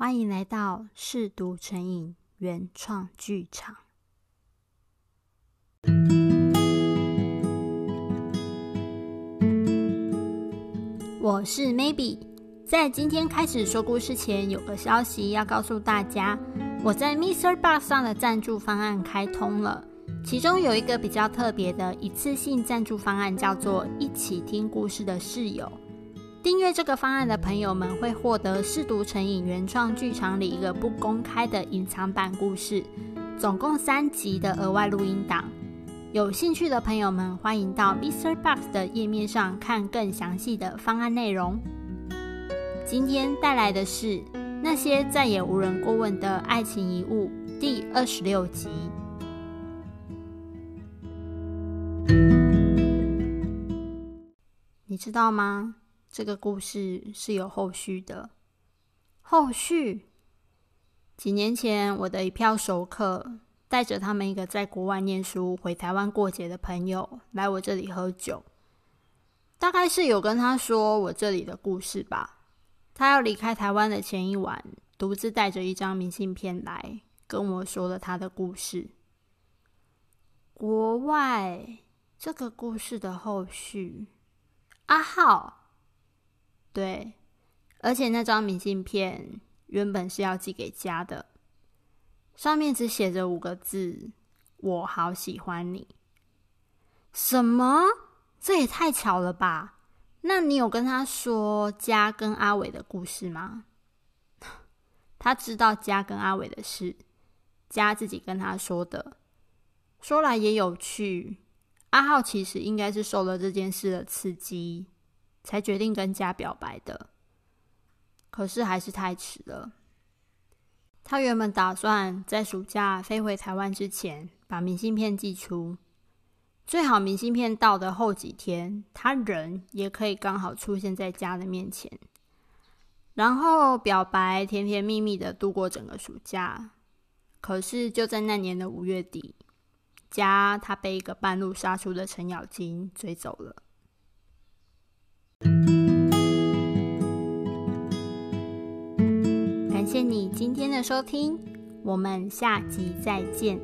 歡迎來到《嗜讀沉影》原創劇場。我是 Maybe，在今天開始說故事前，有個消息要告訴大家：我在 MixerBox 上的贊助方案開通了，其中有一個比較特別的一次性贊助方案，叫做“一起聽故事的嗜友”。訂閱這個方案的朋友們會獲得《嗜讀沉影》原創劇場裡一個不公開的隱藏版故事，總共三集的額外錄音檔。有興趣的朋友們歡迎到 MixerBox 的頁面上看更詳細的方案內容。今天帶來的是《那些再也無人過問的愛情遺物》第二十六集。你知道嗎？這個故事是有後續的。後續，幾年前，我的一票熟客帶着他們一個在國外念書、回台灣過節的朋友來我這裡喝酒。大概是有跟他說我這裡的故事吧。他要離開台灣的前一晚，獨自帶着一張明信片來，跟我說了他的故事。國外這個故事的後續，阿、啊、浩。好。對，而且那張明信片原本是要寄給家的，上面只寫着五個字：“我好喜歡你。”什麼？這也太巧了吧？那你有跟他說家跟阿偉的故事嗎？他知道家跟阿偉的事，家自己跟他說的。說來也有趣，阿浩其實應該是受了這件事的刺激。才決定跟家表白的，可是還是太遲了。他原本打算在暑假飛回台灣之前，把明信片寄出，最好明信片到的後幾天，他人也可以剛好出現在家的面前，然後表白，甜甜蜜蜜的度過整個暑假。可是就在那年的五月底，家他被一個半路殺出的程咬金追走了。謝謝你今天的收聽，我們下集再見。